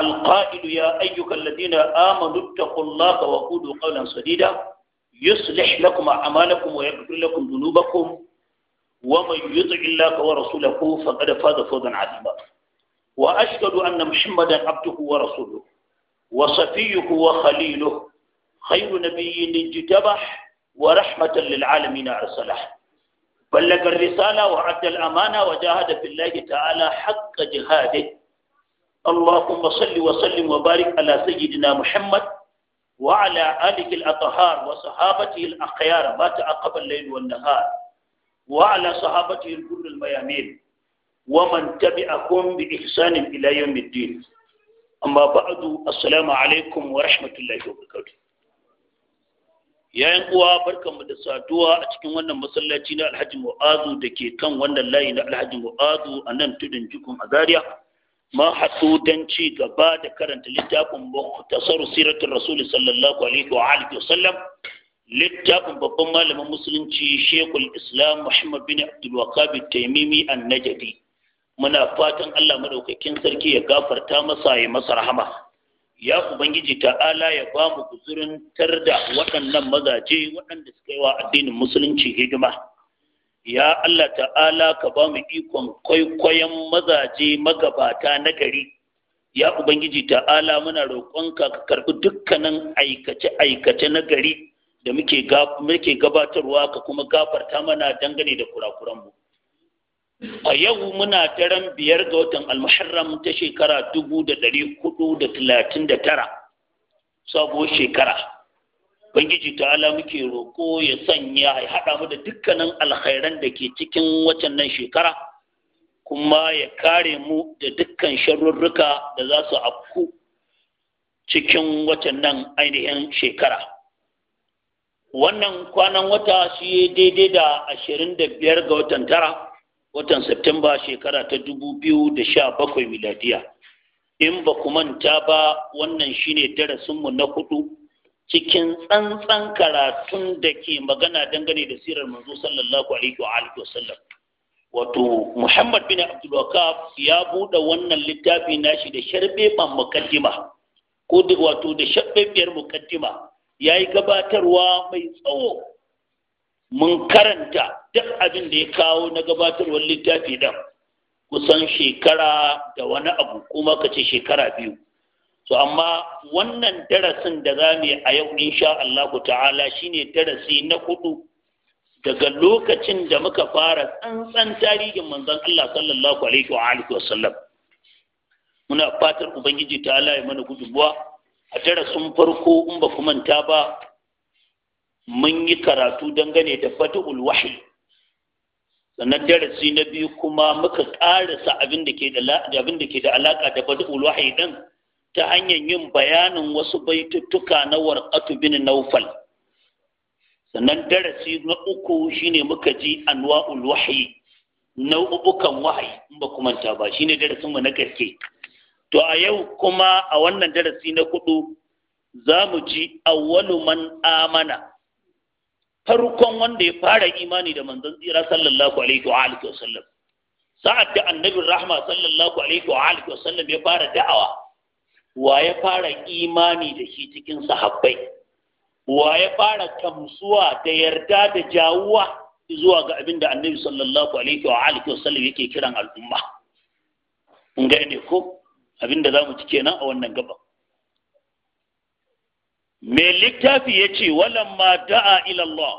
القائل يا أيها الذين آمنوا اتقوا الله وقولوا قولا سديدا يصلح لكم أعمالكم ويغفر لكم ذنوبكم ومن يطع الله ورسوله فقد فاز فوزا عظيما وأشهد أن محمدا عبده ورسوله وصفيه وخليله خير نبي اجتبح ورحمة للعالمين أرسله بلغ الرسالة وعد الأمانة وجاهد في الله تعالى حق جهاده اللهم صل وسلم وبارك على سيدنا محمد وعلى آله الأطهار وصحابته الأخيار ما تعقب الليل والنهار وعلى صحابته الكل الميامين ومن تبعهم بإحسان إلى يوم الدين أما بعد السلام عليكم ورحمة الله وبركاته yayin uwa barkanmu da saduwa a cikin wannan masallaci na alhaji mu'azu da ke kan wannan layi na alhaji mu'azu a nan tudun jikun a zaria ma hatsu ci gaba da karanta littafin muhtasar siratul rasul sallallahu alaihi wa sallam littafin babban malamin musulunci shekul islam muhammad bin abdul wahhab taimimi an-najdi muna fatan Allah madaukakin sarki ya gafarta masa ya masa rahama ya ubangiji ta'ala ya bamu mu da waɗannan mazaje waɗanda suka yi wa addinin musulunci hidima ya Allah ta'ala ka ba mu ikon kwaikwayon mazaje magabata na gari ya ubangiji ta'ala muna roƙonka ka karɓi dukkanin aikace-aikace na gari da muke gabatarwa ka kuma gafarta mana dangane da kurakuranmu a yau muna daren biyar ga watan almuharram ta shekara dubu da ɗari hudu da talatin da tara sabuwar shekara ubangiji ta ala muke roƙo ya sanya ya haɗa mu da dukkanin alkhairan da ke cikin waccan nan shekara kuma ya kare mu da dukkan sharurruka da za su afku cikin waccan nan ainihin shekara wannan kwanan wata shi daidai da ashirin da biyar ga watan tara watan Septemba shekara ta dubu biyu da sha bakwai miladiya in ba ku manta ba wannan shine darasinmu na hudu cikin tsantsan karatun da ke magana dangane da sirar manzo sallallahu alaihi wa alihi wasallam wato Muhammad bin Abdul wakaf ya bude wannan littafi nashi da sharbe ban mukaddima ko da wato da biyar mukaddima yayi gabatarwa mai tsawo mun karanta duk abin da ya kawo na gabatarwar littafi dan kusan shekara da wani abu kuma kace shekara biyu to amma wannan darasin da za mu yi a yau insha Allah ta'ala shine darasi na hudu daga lokacin da muka fara tsantsan tarihin manzon Allah sallallahu alaihi wa alihi wa sallam muna fatar ubangiji ta ya mana gudubuwa. a darasin farko in ba ku manta ba mun yi karatu dangane da fatul wahyi sannan darasi na biyu kuma muka ƙarasa abin da ke da abin da ke da alaka da wahyi din ta hanyar yin bayanin wasu baituttuka na warƙatu bin naufal sannan darasi na uku shine muka ji anwa'ul wahyi nau'ukan wahayi in ba kuma ta ba shine darasin mu na gaske to a yau kuma a wannan darasi na kudu za mu ji awwalu man amana farkon wanda ya fara imani da manzon tsira sallallahu alaihi wa alihi wasallam sa'ad da annabin rahma sallallahu alaihi wa alihi wasallam ya fara da'awa wa ya fara imani da shi cikin sahabbai wa ya fara kamsuwa da yarda da jawuwa zuwa ga abin da annabi sallallahu alaihi wa alihi wasallam yake kiran al'umma In ga ne ko abin da zamu ci kenan a wannan gaba me littafi yace walamma da'a ila Allah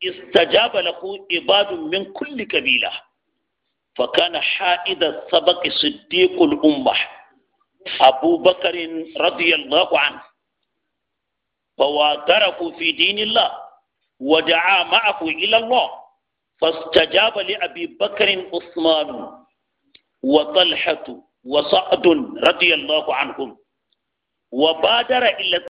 istajaba lahu ibadun min kulli kabila fa kana ha'ida sabaqi siddiqul ummah أبو بكر رضي الله عنه فواتره في دين الله ودعا معه إلى الله فاستجاب لأبي بكر عثمان وطلحة وصعد رضي الله عنهم وبادر إلى